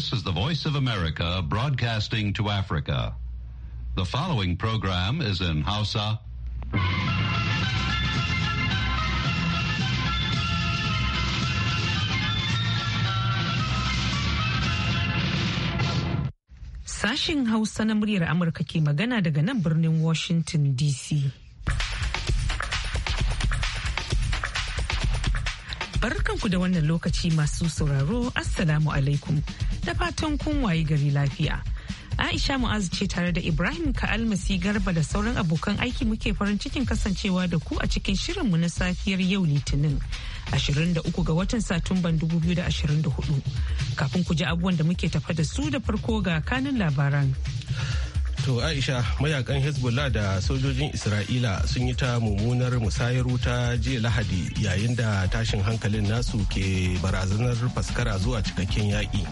This is the Voice of America broadcasting to Africa. The following program is in Hausa. Sashing Hausa na muryar Amurka ke magana daga nan birnin Washington DC. Barkanku da wannan lokaci masu sauraro Assalamu alaikum da fatan kun waye gari lafiya. Aisha Mu'azu ce tare da Ibrahim Ka'almasi Garba da sauran abokan aiki muke farin cikin kasancewa da ku a cikin shirinmu na safiyar yau Litinin 23 ga watan Satumban 2024. Kafin ku ji abubuwan da muke tafa da su da farko ga kanin labaran. To Aisha mayakan Hezbollah da sojojin Isra'ila sun yi ta mummunar musayar wuta jiya Lahadi yayin da tashin hankalin nasu ke barazanar faskara zuwa cikakken yaƙi.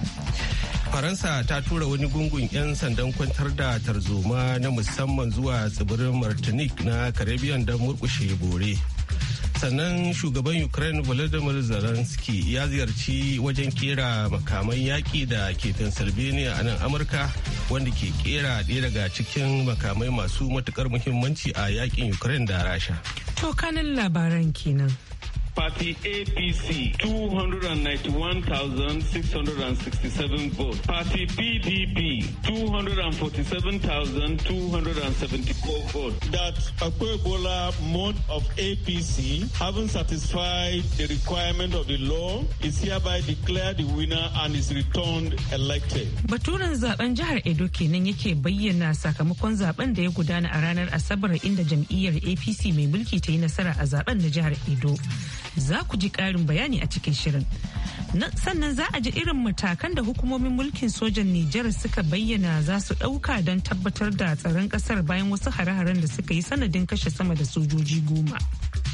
Faransa ta tura wani gungun 'yan sandan kwantar da tarzoma na musamman zuwa tsibirin Martinique na Caribbean don murkushe bore. sannan shugaban ukraine volodymyr zelensky ya ziyarci wajen kera makaman yaƙi da ke pennsylvania a nan amurka wanda ke kera ɗaya daga cikin makamai masu matuƙar muhimmanci a yaƙin ukraine da rasha to kanin labaran kenan Party APC 291,667 votes. Party PDP 247,274 votes. That Akwebola mode of APC, having satisfied the requirement of the law, is hereby declared the winner and is returned elected. Baturen zaben jihar Edo kenan yake bayyana sakamakon zaben da ya gudana a ranar Asabar inda jam'iyyar APC mai mulki ta yi nasara a zaben na jihar Edo. za ku ji ƙarin bayani a cikin shirin. Sannan za a ji irin matakan da hukumomin mulkin sojan Nijar suka bayyana za su ɗauka don tabbatar da tsaron ƙasar bayan wasu hare-haren da suka yi sanadin kashe sama da sojoji goma.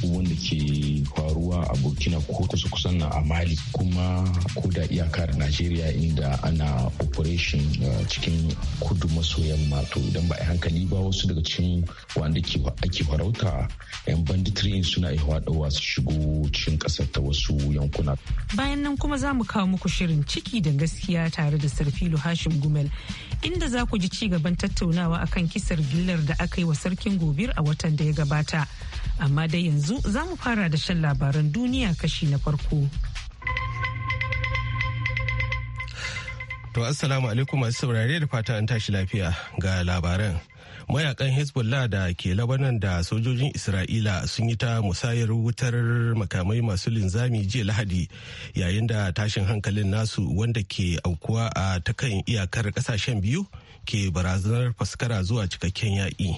abubuwan da ke faruwa a burkina ko kusa kusan na a mali kuma ko da iyaka da najeriya inda ana operation uh, cikin kudu maso yamma to idan ba a hankali ba wasu daga cikin wanda ake farauta yan banditri suna iya haɗuwa su shigo cikin ƙasar ta wasu yankuna bayan nan kuma za mu kawo muku shirin ciki da gaskiya tare da sarfilu hashim gumel inda za ku ji ci gaban tattaunawa akan kisar gillar da aka yi wa sarkin gobir a watan da ya gabata amma dai yanzu za mu fara da shan labaran duniya kashi na farko. To assalamu alaikum masu saurare da fata an tashi lafiya ga labaran. Mayakan Hezbollah da ke Labanan da sojojin Isra'ila sun yi ta musayar wutar makamai masu linzami jiya Lahadi yayin da tashin hankalin nasu wanda ke aukuwa a takan iyakar kasashen biyu ke barazanar faskara zuwa cikakken yaƙi.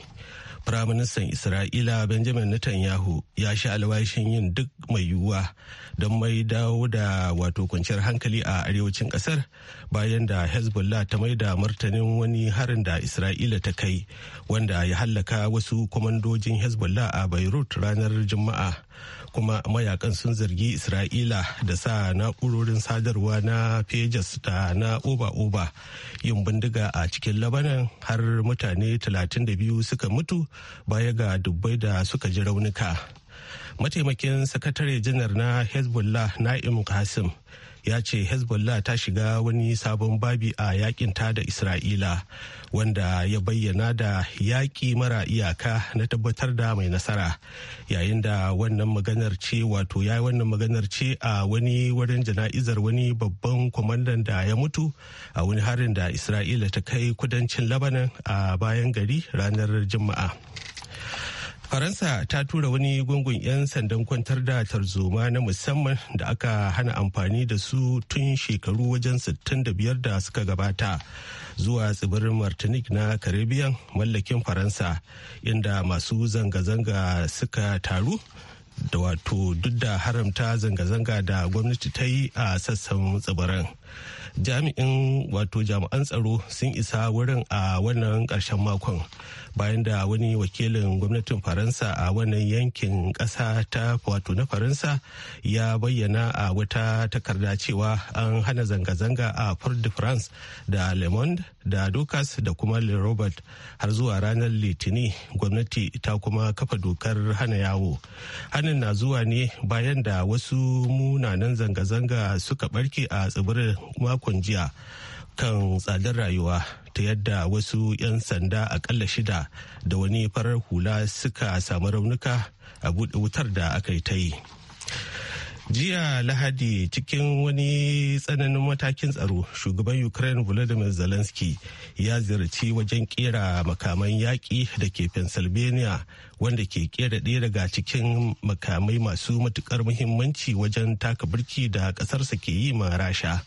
Firaministan Isra'ila Benjamin Netanyahu ya sha alwashin yin duk mai yiwuwa don mai dawo da wato kwanciyar hankali a arewacin kasar bayan da Hezbollah ta mai da martanin wani harin da Isra'ila ta kai wanda ya hallaka wasu kwamandojin Hezbollah a Beirut ranar Juma'a. kuma mayakan sun zargi isra'ila da sa na'urorin sadarwa na pages da na oba-oba yin bindiga a cikin labanan har mutane 32 suka mutu baya ga dubbai da suka ji raunuka. mataimakin sakatare janar na hezbollah na'im qasim ya ce hezbollah ta shiga wani sabon babi a yakin da isra'ila wanda ya bayyana da yaƙi mara iyaka na tabbatar da mai nasara yayin da wannan maganar ce wato ya wannan maganar ce a wani wurin jana'izar wani babban kwamandan da ya mutu a wani harin da isra'ila ta kai kudancin labanan a bayan gari ranar juma'a Faransa ta tura wani gungun 'yan sandan kwantar da tarzoma na musamman da aka hana amfani da su tun shekaru wajen 65 da suka gabata zuwa tsibirin Martinique na Caribbean mallakin Faransa inda masu zanga-zanga suka taru da wato duk da haramta zanga-zanga da gwamnati ta yi a sassan tsibirin. Jami'in wato jami'an tsaro sun isa wurin a wannan ƙarshen makon. bayan da wani wakilin gwamnatin faransa a wannan yankin ƙasa ta wato na faransa ya bayyana a wata takarda cewa an hana zanga-zanga a port de france da le monde da dukas da kuma le robert har zuwa ranar litini gwamnati ta kuma kafa dokar hana yawo hanin na zuwa ne bayan da wasu munanan zanga-zanga suka barke a tsibirin makon jiya kan tsadar rayuwa ta yadda wasu 'yan sanda akalla shida da wani farar hula suka samu raunuka a buɗe wutar da aka yi ta yi jiya lahadi cikin wani tsananin matakin tsaro shugaban ukraine volodymyr zelensky ya ziyarci wajen kera makaman yaƙi da ke pennsylvania wanda ke kera ɗaya daga cikin makamai masu matukar muhimmanci wajen taka birki da ƙasarsa ke yi ma rasha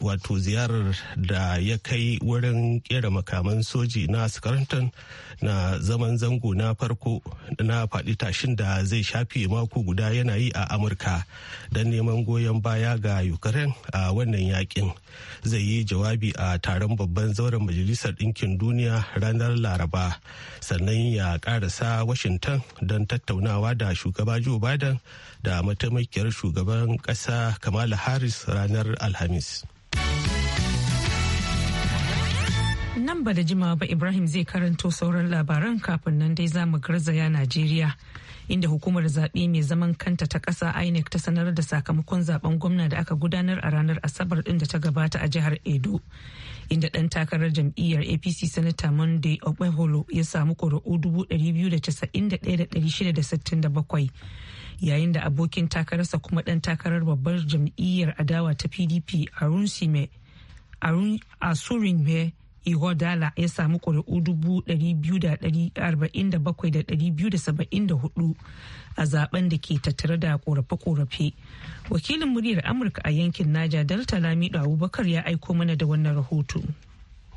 wato ziyarar da ya kai wurin kera makaman soji na scranton na zaman zango na farko na faɗi tashin da zai shafe mako guda yana yi a amurka don neman goyon baya ga ukraine a wannan yakin zai yi jawabi a taron babban zauren majalisar ɗinkin duniya ranar laraba sannan ya ƙara sa washington don tattaunawa da shugaba joe biden da mataimakiyar shugaban kasa kamala harris ranar alhamis nan ba da jimawa ba ibrahim zai karanto sauran labaran kafin nan dai za mu garzaya najeriya inda hukumar zaɓe mai zaman kanta ta ƙasa inec ta sanar da sakamakon zaben gwamna da aka gudanar a ranar asabar ɗin da ta gabata a jihar edo inda ɗan takarar jam'iyyar apc sanata monday okpeholo ya samu ƙuri'u 291,667 yayin da abokin takararsa kuma ɗan takarar babbar jam'iyyar adawa ta pdp arun me Ihodala ya samu ƙuri'u 247,274 a zaben da ke tattare da ƙorafe-ƙorafe. Wakilin muryar Amurka a yankin Naja Delta Lamido Abubakar ya aiko mana da wannan rahoto.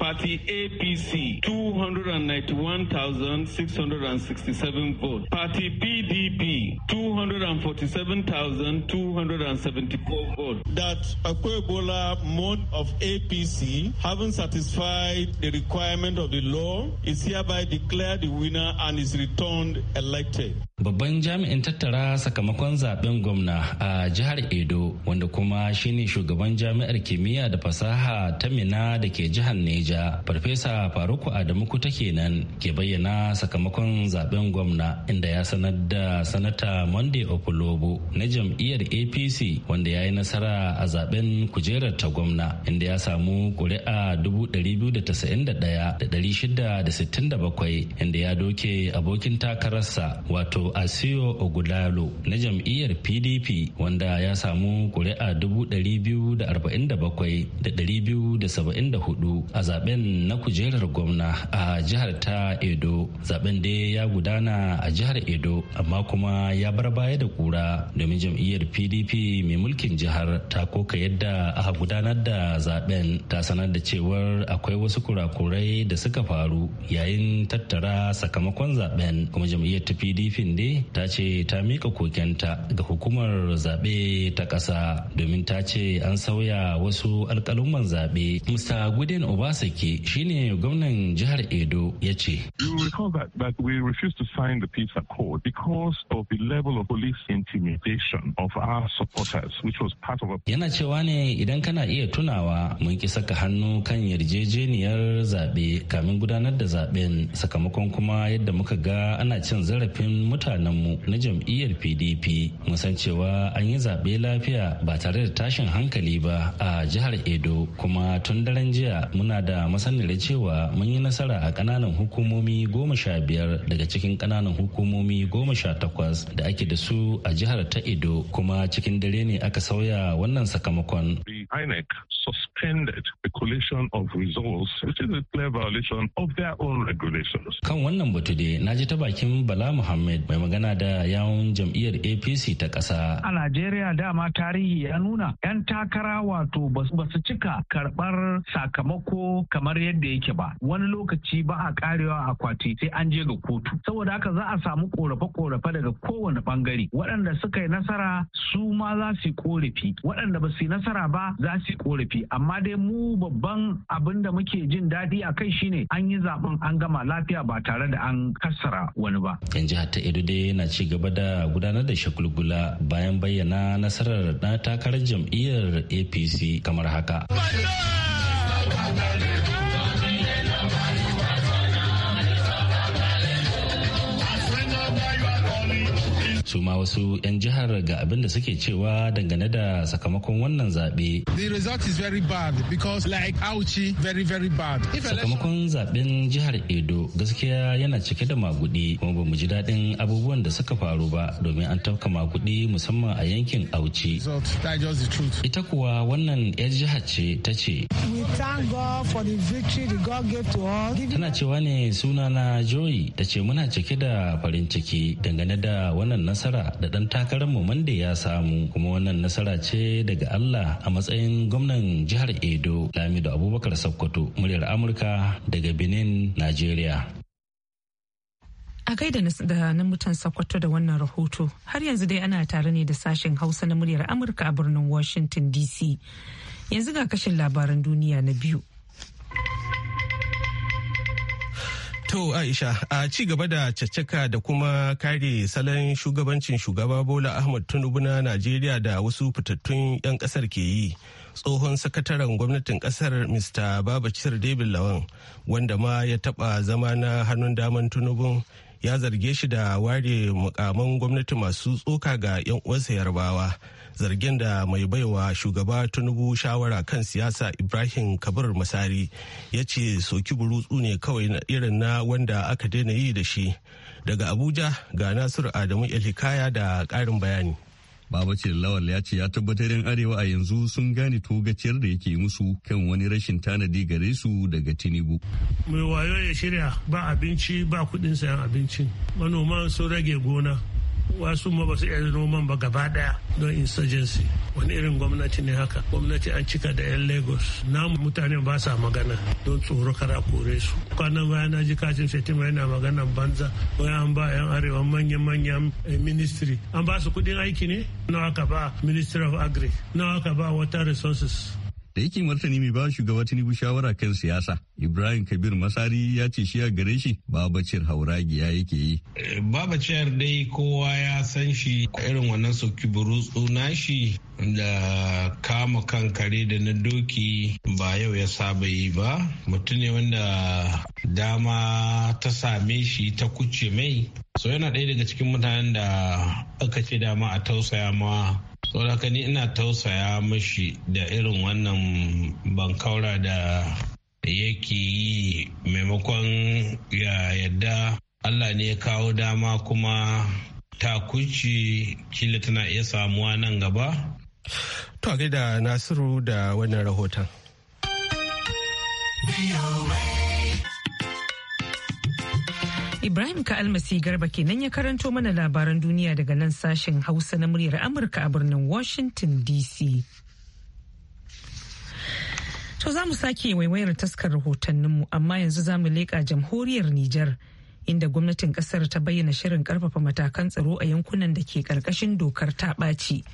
Party APC 291,667 votes. Party PDP 247,274 votes. That Akwebola mode of APC, having satisfied the requirement of the law, is hereby declared the winner and is returned elected. Babban jami'in tattara sakamakon zaben gwamna a jihar Edo, wanda kuma shine shugaban jami'ar kimiyya da fasaha ta Mina da ke jihar Neja. Abuja. Farfesa Faruku Adamu Kuta kenan ke bayyana sakamakon zaben gwamna inda ya sanar da sanata Monday Okulobo na jam'iyyar APC wanda ya yi nasara a zaben kujerar ta gwamna inda ya samu ƙuri'a 291,667 inda ya doke abokin takararsa wato Asiyo Ogudalo na jam'iyyar PDP wanda ya samu ƙuri'a 247,274 a zaben zaben na kujerar gwamna a jihar ta Edo. Zaben da ya gudana a jihar Edo amma kuma ya bar baya da kura domin jam'iyyar PDP mai mulkin jihar ta koka yadda aka gudanar da zaben ta sanar da cewar akwai wasu kurakurai da suka faru yayin tattara sakamakon zaben kuma jam'iyyar ta PDP ne ta ce ta mika kokenta ga hukumar zaɓe ta ƙasa domin ta ce an sauya wasu alƙalumman zaɓe. Mr. gudin Obasa shine gwamnan jihar edo ya ce yana cewa ne idan kana iya tunawa mun ki saka hannu kan yarjejeniyar zaɓe kamin gudanar da zaɓen sakamakon kuma yadda muka ga ana cin zarafin mutanenmu na jam'iyyar pdp musan cewa an yi zaɓe lafiya ba tare da tashin hankali ba a jihar edo kuma tun daren jiya muna da da masanare cewa mun yi nasara a kananan hukumomi goma sha biyar daga cikin kananan hukumomi goma sha takwas da ake da su a jihar ta Edo kuma cikin dare ne aka sauya wannan sakamakon. intended a collision of results, which is a clear violation of their own regulations. Kan wannan batu dai na ji ta bakin Bala Muhammad mai magana da yawun jam'iyyar APC ta ƙasa. A Najeriya dama tarihi ya nuna 'yan takara wato ba su cika karɓar sakamako kamar yadda yake ba. Wani lokaci ba a karewa a kwati sai an je ga kotu. Saboda haka za a samu korafe-korafe daga kowane ɓangare. Waɗanda suka yi nasara su ma za su yi korafi. Waɗanda ba su yi nasara ba za su yi korafi. Amma amma dai mu babban abin da muke jin daɗi a kai shine an yi zaben an gama lafiya ba tare da an kasara wani ba yan jihar ta edo dai yana ci gaba da gudanar da shagulgula bayan bayyana nasarar na takarar jam'iyyar apc kamar haka su ma wasu 'yan jihar ga abin da suke cewa dangane da sakamakon wannan zaɓe. The result is very bad because like Auchi very very bad. Sakamakon zaɓen jihar Edo gaskiya yana cike da magudi kuma ba mu ji daɗin abubuwan da suka faru ba domin an tafka magudi musamman a yankin Auchi. Ita kuwa wannan 'yar jihar ce ta ce. Tana cewa ne sunana joyi ta ce muna cike da farin ciki dangane da wannan nasara nasara da ɗan takararmu Mande ya samu kuma wannan nasara ce daga Allah a matsayin gwamnan jihar Edo Lamido Abubakar Sokoto muryar Amurka daga Benin, Najeriya. A gaida da na mutan Sokoto da wannan rahoto har yanzu dai ana tare ne da sashen Hausa na muryar Amurka a birnin Washington DC. Yanzu ga kashin labaran duniya na biyu. To Aisha, a ci gaba da caccaka da kuma kare salon shugabancin shugaba Bola Ahmad Tinubu na Najeriya da wasu fitattun 'yan kasar ke yi. Tsohon sakataren gwamnatin kasar Mr. Babacir David Lawan, wanda ma ya taɓa zama na hannun daman Tinubu ya zarge shi da ware mukaman gwamnati masu tsoka ga 'yan uwansa Yarbawa. zargin da mai baiwa shugaba tunubu shawara kan siyasa ibrahim kabir masari ya ce soki burutsu ne kawai irin na wanda aka daina yi da shi daga abuja ga nasiru adamu ilhikaya da karin bayani Baba ce Lawal ya ce ya tabbatar yan Arewa a yanzu sun gane togaciyar da yake musu kan wani rashin tanadi gare su daga Tinubu. Mai wayo ya shirya ba abinci ba kuɗin sayan abincin. Manoman sun rage gona. wasu ma ba su iya noman ba gaba daya don insurgency wani irin gwamnati ne haka gwamnati an cika da yan lagos na mutane ba sa magana don tsoro kara kore su kwanan baya na ji kacin fetima yana magana banza wai an ba yan arewa manyan manyan eh, ministry an ba su kudin aiki ne na waka ba ministry of agri nawa ka ba water resources da yake martani mai ba shugaba tinubu shawara kan siyasa ibrahim kabir masari ya ce shi a gare shi babacir hauragiya yake yi babacir dai kowa ya san shi irin wannan soki burutsu shi da kama kan kare da na doki ba yau ya saba yi ba mutum ne wanda dama ta same shi ta kuce mai so yana ɗaya daga cikin mutanen da aka ce dama a tausaya ma saboda ni ina tausaya mashi da irin wannan bankaura da yake yi maimakon ya yadda allah ne ya kawo dama kuma takuci kila tana iya samuwa nan gaba to da nasiru da wannan rahoton. Ibrahim Ka'almasi Garba kenan ya karanto mana labaran duniya daga nan sashen Hausa na muryar Amurka a birnin Washington DC. To za mu sake waiwayar taskar rahotanninmu amma yanzu za mu leƙa jamhuriyar Nijar inda gwamnatin ƙasar ta bayyana shirin ƙarfafa matakan tsaro a yankunan da ke ƙarƙashin dokar ta ɓaci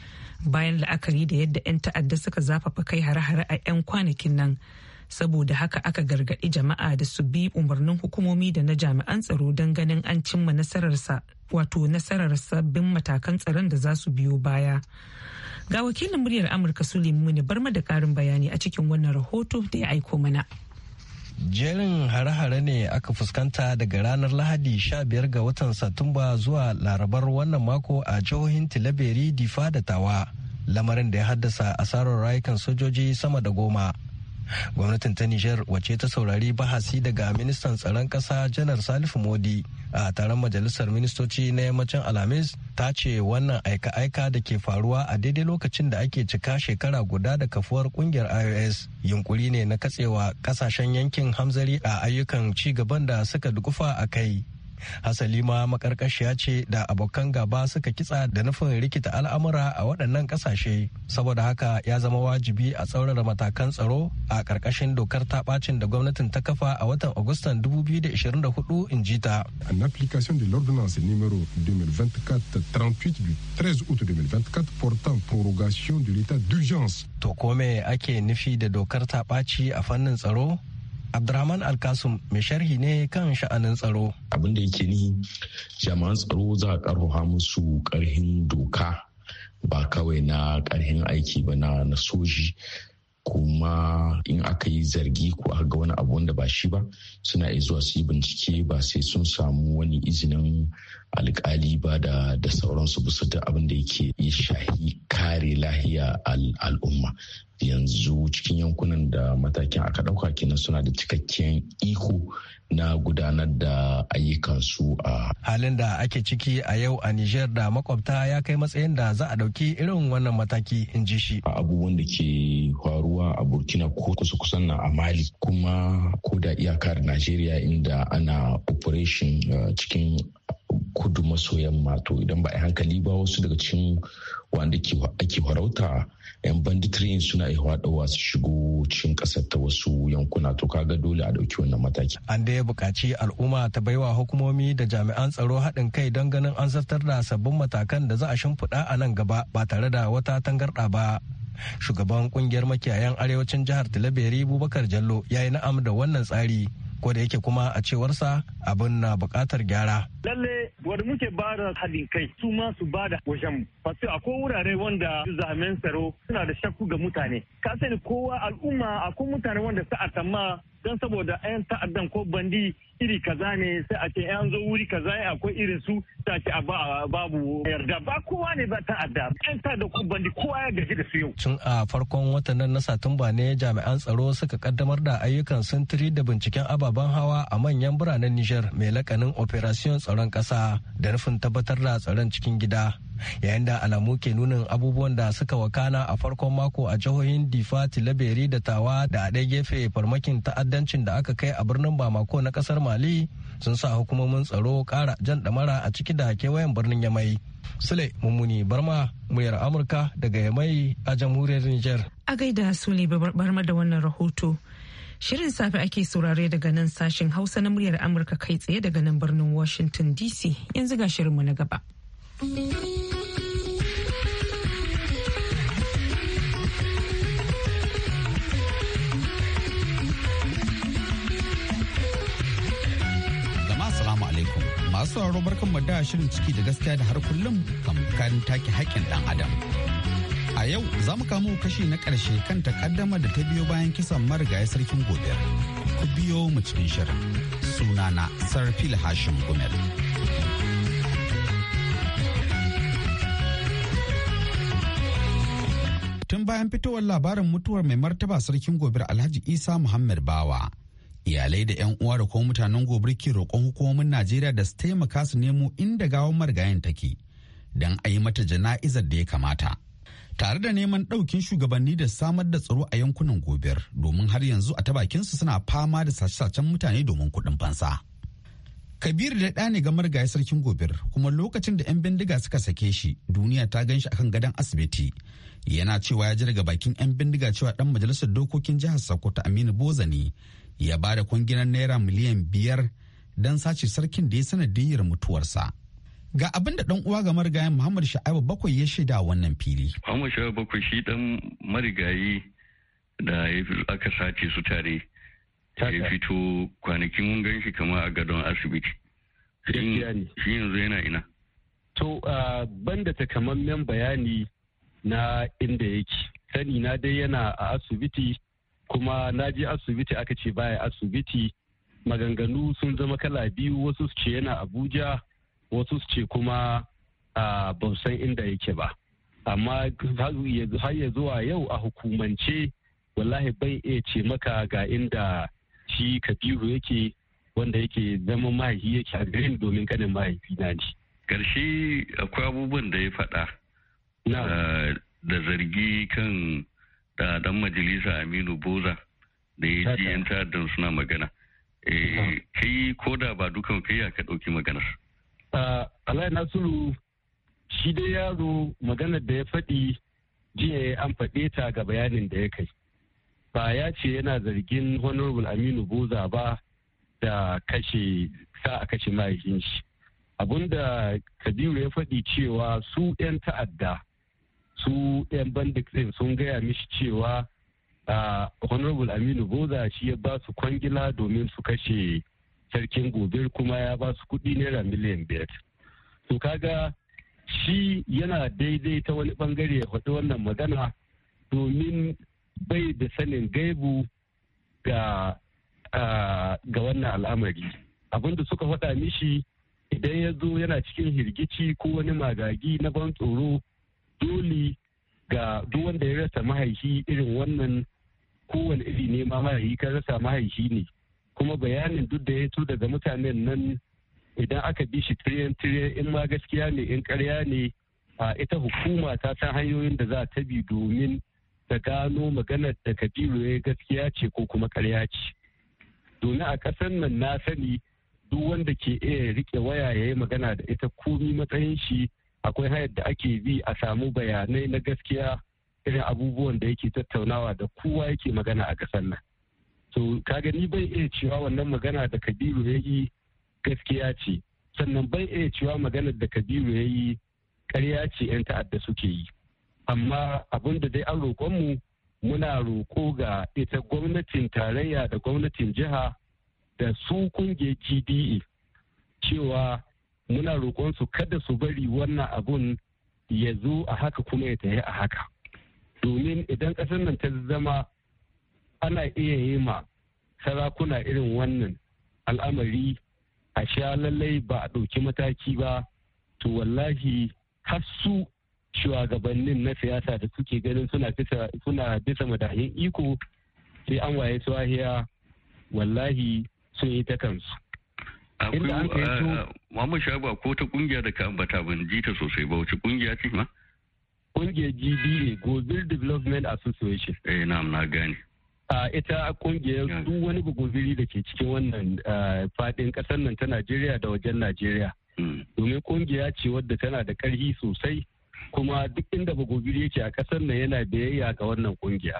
bayan la'akari da yadda 'yan ta'adda suka zafafa kai hare-hare a 'yan kwanakin nan. saboda haka aka gargaɗi jama'a da su bi umarnin hukumomi da na jami'an tsaro don ganin an cimma nasararsa wato nasarar sabbin matakan tsaron da za su biyo baya ga wakilin muryar amurka bar ma da karin bayani a cikin wannan rahoto da ya aiko mana jerin hare-hare ne aka fuskanta daga ranar lahadi 15 ga watan satumba zuwa larabar wannan mako a jihohin tilaberi difa da tawa lamarin da ya haddasa asarar rayukan sojoji sama da goma gwamnatin ta nijar wace ta saurari bahasi daga ministan tsaron Kasa janar salifu modi a taron majalisar ministoci na yammacin alhamis ta ce wannan aika-aika da ke faruwa a daidai lokacin da ake cika shekara guda da kafuwar kungiyar ios yunkuri ne na katsewa kasashen yankin hamzari a ayyukan ci gaban da suka dukufa a kai hasali ma makarkashiya ce da abokan gaba suka kitsa da nufin rikita al'amura a waɗannan ƙasashe saboda haka ya zama wajibi a tsaurara matakan tsaro a ƙarƙashin dokar taɓacin da gwamnatin ta kafa a watan agustan 2024 in jita. en application de l'ordonnance numéro 2024-38 du 13 août 2024 portant prorogation de l'état d'urgence. to kome ake nufi da dokar taɓaci a fannin tsaro Abdurrahman Alkasum mai sharhi ne kan sha'anin tsaro. Abin da yake ni jama'an tsaro za a karfafa musu karhin doka ba kawai na karhin aiki ba na soji kuma in aka yi zargi ko aka ga wani abu wanda ba shi ba suna izuwa zuwa su yi bincike ba sai sun samu wani izinin alkali ba da da sauransu bisa da abin da yake ya shahi kare lahiya al'umma yanzu cikin yankunan da matakin aka ɗauka kenan suna da cikakken iko na gudanar da ayyukansu a halin da ake ciki a yau a Nijar da makwabta ya kai matsayin da za a ɗauki irin wannan mataki in ji shi abubuwan da ke faruwa a burkina ko kusa kusan na a mali kuma ko da iyakar najeriya inda ana operation uh, cikin kudu maso yamma to idan ba a hankali ba wasu daga cikin wanda ake farauta yan banditrin suna iya dawa su shigo cikin kasar ta wasu yankuna to kaga dole a dauki wannan mataki an da ya buƙaci al'umma ta baiwa hukumomi da jami'an tsaro haɗin kai don ganin an zartar da sabbin matakan da za a shimfiɗa a nan gaba ba tare da wata tangarɗa ba shugaban kungiyar makiyayan arewacin jihar talabiri bubakar jallo ya yi na'am da wannan tsari ko da yake kuma a cewarsa abin na bukatar gyara. Lalle wanda muke ba da haɗin kai su ma su ba da wajen mu. a akwai wurare wanda zamen tsaro suna da shakku ga mutane. Ka kowa al'umma akwai mutane wanda sa'a tamma don saboda 'yan ta'addan ko bandi iri kaza ne sai a ce 'yan zo wuri kaza ya akwai irin su ta ce a babu yarda ba kowa ne ba ta'adda 'yan ta'adda ko bandi kowa ya gaji da su yau. tun a farkon watan na satumba ne jami'an tsaro suka kaddamar da ayyukan sintiri da binciken ababen hawa a manyan biranen nijar mai lakanin operation tsaron Kasa da nufin tabbatar da tsaron cikin gida yayin da alamu ke nunin abubuwan da suka wakana a farkon mako a jihohin difa tilaberi da tawa da a gefe farmakin ta'addancin da aka kai a birnin bamako na kasar mali sun sa hukumomin tsaro kara jan ɗamara a ciki da kewayen birnin yamai sule mummuni barma muyar amurka daga yamai a jamhuriyar niger a gaida sule barma da wannan rahoto Shirin safe ake saurare daga nan sashen Hausa na muryar Amurka kai tsaye daga nan birnin Washington DC yanzu ga shirinmu na gaba. masu sauraro barkan mu da shirin ciki da gaskiya da har kullum kan ta take haƙƙin ɗan adam. A yau za mu kamo kashi na ƙarshe kan takaddama da ta biyo bayan kisan marigayi sarkin gobe. Ku biyo mu cikin shirin. Sunana Sarfil Hashim Gumel. tun bayan fitowar labarin mutuwar mai martaba sarkin gobir alhaji isa muhammad bawa iyalai da 'yan uwa da kuma mutanen gobir ke roƙon hukumomin najeriya da su taimaka su nemo inda gawan marigayen take don a yi mata jana'izar da ya kamata tare da neman ɗaukin shugabanni da samar da tsaro a yankunan gobir domin har yanzu a ta bakinsu suna fama da sace-sacen mutane domin kuɗin fansa. kabir da ɗa ne ga marigayi sarkin gobir kuma lokacin da 'yan bindiga suka sake shi duniya ta gan shi akan gadon asibiti yana cewa ya ji daga bakin 'yan bindiga cewa ɗan majalisar dokokin jihar sokoto aminu bozani ya ba da kwanginan naira miliyan biyar don sace sarkin da ya sanadiyyar mutuwarsa ga abin da ɗan uwa ga marigayi muhammad sha'abu bakwai ya shaida wannan fili muhammad sha'abu bakwai shi ɗan marigayi da aka sace su tare ya fito kwanaki mun gan shi kama a gadon asibiti shi yanzu yana ina to banda takamammen bayani na inda yake sani na dai yana a asibiti kuma na je asibiti aka ce baya asibiti maganganu sun zama kala biyu wasu su ce yana abuja wasu su ce kuma ban san inda yake ba amma har ya zuwa yau a hukumance wallahi bai iya ce maka ga inda shi kabiru yake wanda yake zama mahaifi yake a garin domin kanin mahaifi na ne karshe akwai abubuwan da ya faɗa eh, da zargi kan da dan majalisa aminu boza da ya ji yan ta'addan suna magana eh, kai ko da ba dukan kai ya ka ɗauki magana. alai nasiru shi dai yaro maganar da ya faɗi jiya an faɗe ta ga bayanin da ya kai ba ya ce yana zargin honorable aminu boza ba da kashe sa a kashe mahaifin shi abinda kabiru ya faɗi cewa su 'yan ta'adda su 'yan bandit ɗin sun gaya mishi cewa honorable aminu boza shi ya ba su kwangila domin su kashe sarkin gobe kuma ya ba su kuɗi naira miliyan biyar to kaga shi yana daidai ta wani bangare ya faɗi wannan magana domin bai da sanin gaibu ga ga wannan al'amari da suka faɗa mishi idan ya zo yana cikin hirgici ko wani magagi na ban tsoro dole ga duk wanda ya rasa mahaifi irin wannan kowane iri ne ma mahaifi kan rasa mahaifi ne kuma bayanin duk da ya to daga mutanen nan idan aka bi shi tiriyan tiriyan in ma gaskiya ne in karya ne a ita hukuma ta san hanyoyin da za ta bi domin da gano maganar da kabiru ya gaskiya ce ko kuma karya ce domin a ƙasar nan na sani duk wanda ke iya rike waya ya yi magana da ita komi matsayin shi akwai hayar da ake bi a samu bayanai na gaskiya irin abubuwan da yake tattaunawa da kowa yake magana a ƙasar nan to kaga ni bai iya cewa wannan magana da kabiru ya yi gaskiya ce sannan bai iya cewa maganar da kabiru ya yi ƙarya ce 'yan ta'adda suke yi amma abin da dai an roƙonmu muna roƙo ga ita gwamnatin tarayya da gwamnatin jiha da su kungiyar gde cewa muna roƙonsu kada su bari wannan abun ya zo a haka kuma ya tafi a haka domin idan ƙasar nan ta zama ana iya yi ma sarakuna irin wannan al'amari a sha lallai ba a ɗauki mataki ba to wallahi har su shugabannin na siyasa da suke ganin suna bisa suna bisa iko sai an waye su wallahi sun yi ta kansu Muhammad Shaba ko ta kungiya da ka ambata ban ji ta sosai ba wace kungiya ce ma? Kungiyar ne Gobir Development Association. Eh na na gane. a ita kungiyar su wani bugubiri da ke cikin wannan fadin kasar nan ta Najeriya da wajen Najeriya. Hmm. Domin kungiya ce wadda tana da karhi sosai kuma duk inda bagobiri yake a ƙasar nan yana biyayya ga wannan kungiya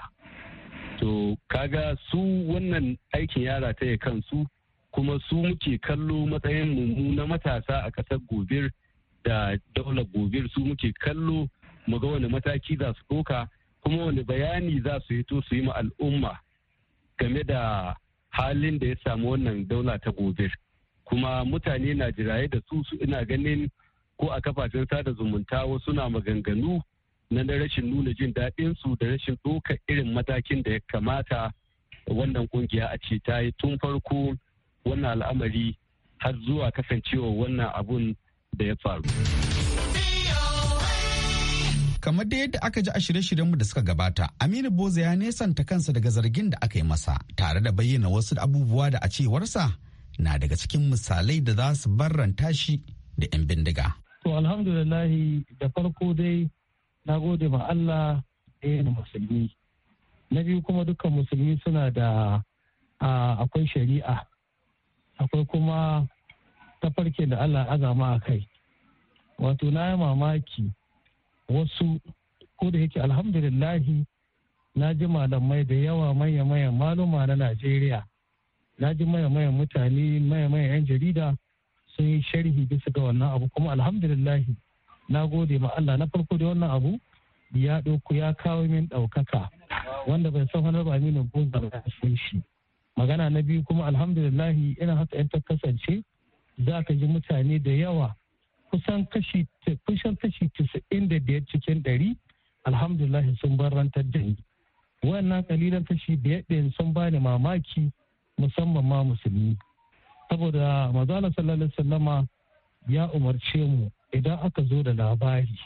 to kaga su wannan aikin yara ta kansu kuma su muke kallo matsayin mummu na matasa a ƙasar gobir da daular gobir su muke kallo mu ga wani mataki za su ɗoka kuma wani bayani za su hito su yi ma al'umma game da halin da ya samu wannan daula ta gobir kuma mutane na jiraye da su su ina ganin ko a kafafen sada zumunta wasu na maganganu na rashin nuna jin daɗinsu da rashin ɗoka irin matakin da ya kamata wannan kungiya a ce ta yi tun farko wannan al'amari har zuwa kasancewa wannan abun da ya faru. kamar da yadda aka ji a shirye-shiryenmu da suka gabata aminu boza ya nesanta kansa daga zargin da aka yi masa tare da bayyana wasu abubuwa da a cewarsa na daga cikin misalai da za su barranta shi da 'yan bindiga To alhamdulillahi da farko dai na gode ma Allah ɗaya da musulmi. Na biyu kuma dukkan musulmi suna da akwai shari'a, akwai kuma tafarki da Allah azama a kai. Wato na yi mamaki wasu ko da yake alhamdulillahi na ji malamai da yawa manya-manyan maluma na Najeriya. Na ji manya-manyan mutane manya-manyan 'yan jarida. yi sharhi bisa ga wannan abu kuma alhamdulillah na gode ma Allah na farko da wannan abu ya ɗauko ya kawo min ɗaukaka wanda bai san wani ba mini gozar ba san shi magana na biyu kuma alhamdulillah ina haka yan ta kasance za ka ji mutane da yawa kusan kashi kusan kashi tisa'in da biyar cikin ɗari alhamdulillah sun barantar da ni wannan kalilan kashi biyar ɗin sun bani mamaki musamman ma musulmi saboda mazala sallallahu sallama ya umarce mu idan aka zo da labari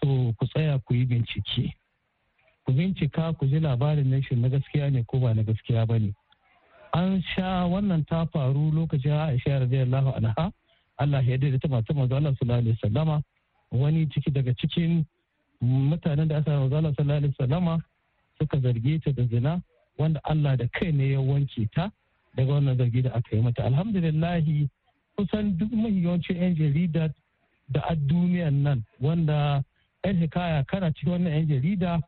so ku tsaya ku yi bincike ku bincika ku ji labarin nan shi na gaskiya ne ko ba na gaskiya ba ne an sha wannan ta faru lokacin aisha radiyallahu anha Allah ya daidaita mata manzo Allah sallallahu alaihi wasallama wani ciki daga cikin mutanen da aka manzo Allah sallallahu alaihi wasallama suka zarge ta da zina wanda Allah da kai ne ya wanke ta daga wannan zargi da aka yi mata alhamdulillahi kusan duk yawancin 'yan jarida da a nan wanda 'yan hikaya kana ci wannan 'yan jarida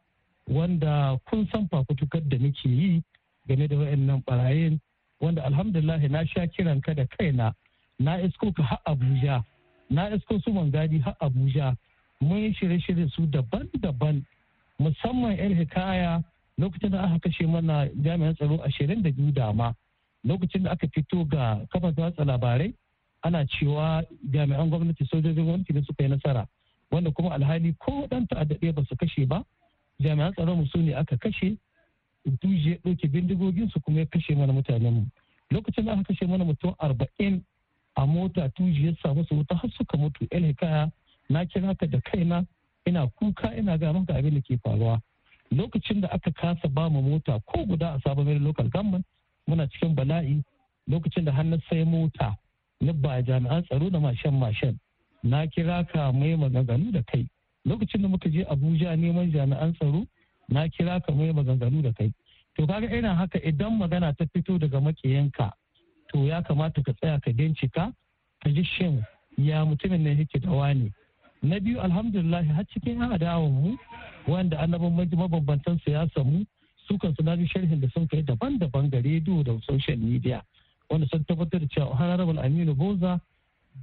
wanda kun san fafutukar da muke yi game da wayannan barayin wanda alhamdulillahi na sha kiran ka da kaina na isko ka har abuja na isko su mangadi har abuja mun yi shirye-shirye su daban-daban musamman 'yan hikaya lokacin da aka kashe mana jami'an tsaro ashirin da biyu dama lokacin da aka fito ga kafafen watsa labarai ana cewa jami'an gwamnati sojojin gwamnati ne suka yi nasara wanda kuma alhali ko dan ta'adda ba su kashe ba jami'an tsaron su ne aka kashe duje ya bindigogin su kuma ya kashe mana mutanen mu lokacin da aka kashe mana mutum arba'in a mota tuji ya samu su wuta har suka mutu yan kaya na kira ka da kaina ina kuka ina ga maka abin da ke faruwa lokacin da aka kasa ba mu mota ko guda a sabon lokal government muna cikin bala'i lokacin da hannun sai mota na ba jami'an tsaro da mashin mashin na kira ka mai maganganu da kai lokacin da muka je abuja neman jami'an tsaro na kira ka mai maganganu da kai to kaga ina haka idan magana ta fito daga makiyanka to ya kamata ka tsaya ka bincika ka ji shin ya mutumin ne yake da wani na biyu alhamdulillah har cikin yan mu wanda annabin mabambantan siyasar mu su kansu na ji sharhin da sun kai daban-daban ga rediyo da social media wanda sun tabbatar da cewa honorable aminu boza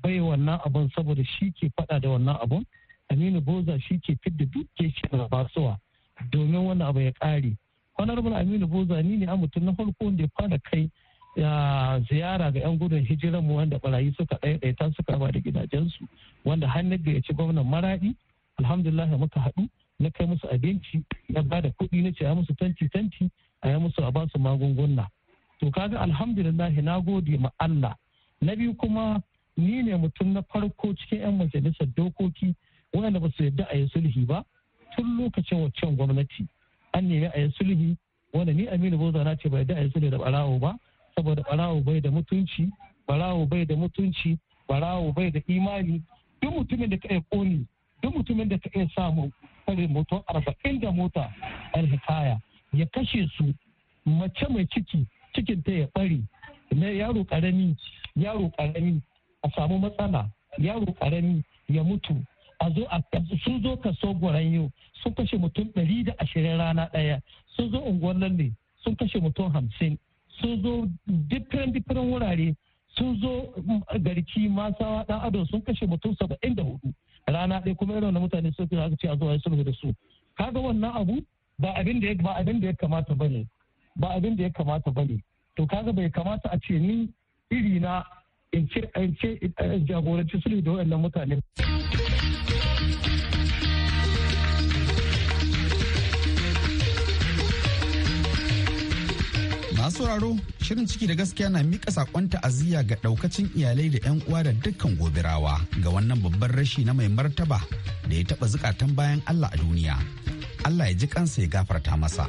bai wannan abun saboda shi ke fada da wannan abun aminu boza shi ke fidda duke shi da basuwa domin wannan abu ya kare honorable aminu boza ni ne a mutum na farko wanda ya fara kai ziyara ga 'yan gudun hijiran mu wanda barayi suka ɗaiɗaita suka ba da gidajensu wanda hannun ga ya ci gwamnan maraɗi alhamdulillah muka haɗu na kai musu abinci na ba da kuɗi na ce a musu tanti tanti a yi musu a ba su magunguna to kaga alhamdulillah na gode ma Allah na biyu kuma ni ne mutum na farko cikin 'yan majalisar dokoki wanda ba su yadda a yi sulhi ba tun lokacin waccan gwamnati an nemi a yi sulhi wanda ni aminu boza na ce bai yadda a yi sulhi da barawo ba saboda barawo bai da mutunci barawo bai da mutunci barawo bai da imani duk mutumin da ka iya koni duk mutumin da ka iya samu tare moto arba'in da mota alhikaya ya kashe su mace mai ciki cikin ta ya bari na yaro karami yaro karami a samu matsala yaro karami ya mutu a zo a sun zo kaso gwaran yau sun kashe mutum ɗari da ashirin rana ɗaya sun zo unguwar nan ne sun kashe mutum hamsin sun zo dukkan dukkan wurare sun zo mm, garki masawa ɗan ado sun kashe mutum saba'in da hudu rana ɗaya kuma irin mutane sun fi ce a zuwa sulhu da su kaga wannan abu ba abin da ba abin da ya kamata bane ba abin da ya kamata bane to kaga bai kamata a ce ni iri na in ce in jagoranci sulhu da waɗannan mutane Masu sauraro shirin ciki da gaskiya na mika sakon ta'aziyya ga daukacin iyalai da 'yan uwa da dukkan gobirawa ga wannan babban rashi na mai martaba da ya taba zukatan bayan Allah a duniya. Allah ya ji kansa ya gafarta masa.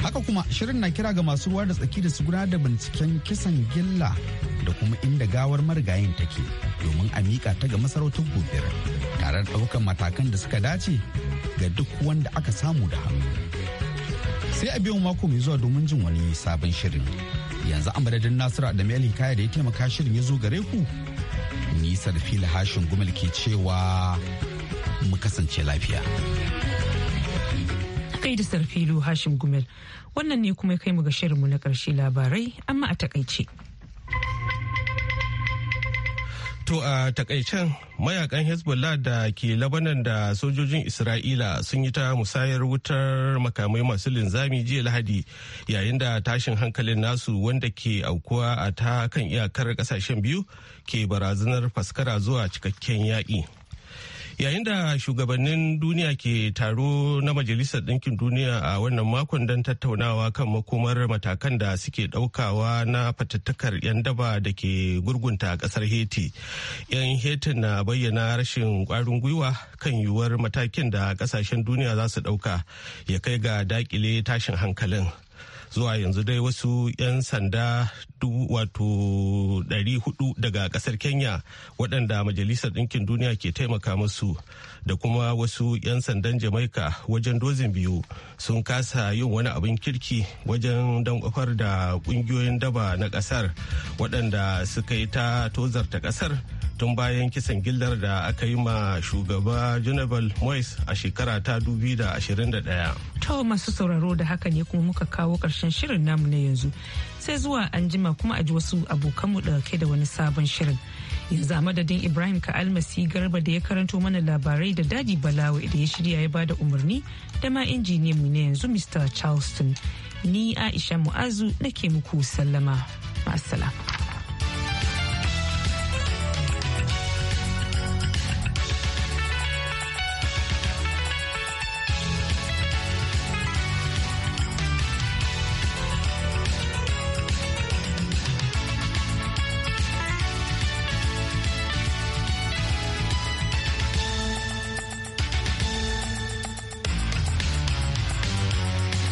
Haka kuma shirin na kira ga masu ruwa da tsaki da su gudanar da binciken kisan gilla da kuma inda gawar marigayin take domin a mika ta ga masarautar gobir tare da ɗaukan matakan da suka dace ga duk wanda aka samu da hannu. sai a biyan mako mai zuwa domin jin wani sabon shirin yanzu an madadin nasiru da mai kaya da ya taimaka shirin ya zo gare ku nisa da fili hashin gumal ke cewa mu kasance lafiya kai da sarfilu hashim gumel wannan ne kuma kai mu ga shirinmu na ƙarshe labarai amma a takaice. To a takaicen mayakan Hezbollah da ke Labanan da sojojin Isra'ila sun yi ta musayar wutar makamai masu linzami jiya Lahadi yayin da tashin hankalin nasu wanda ke aukuwa a ta kan iyakar kasashen biyu ke barazanar faskara zuwa cikakken yaƙi. yayin da shugabannin duniya ke taro na majalisar ɗinkin duniya a wannan makon don tattaunawa kan makomar matakan da suke ɗaukawa na fatattakar 'yan daba da ke gurgunta a ƙasar heti 'yan heti na bayyana rashin ƙwarin gwiwa kan yiwuwar matakin da ƙasashen duniya za su ɗauka ya kai ga daƙile tashin hankalin zuwa yanzu dai wasu 'yan sanda wato 400 daga kasar kenya waɗanda majalisar ɗinkin duniya ke taimaka musu da kuma wasu 'yan sandan jamaika wajen dozin biyu sun kasa yin wani abin kirki wajen dankwafar da kungiyoyin daba na kasar waɗanda suka yi ta tozarta kasar tun bayan kisan gillar da aka yi ma shugaba general moyes a shekara ta 2021 ta masu sauraro da haka ne kuma muka kawo ƙarshen shirin namu na yanzu sai zuwa anjima kuma a ji wasu abokanmu ɗauke da wani sabon shirin. yanzu a madadin ibrahim ka'almasi garba da ya karanto mana labarai da daji balawe da ya shirya ya bada umarni da ma injiniyan mu na yanzu mr charleston ni aisha mu'azu nake muku sallama ma'asala.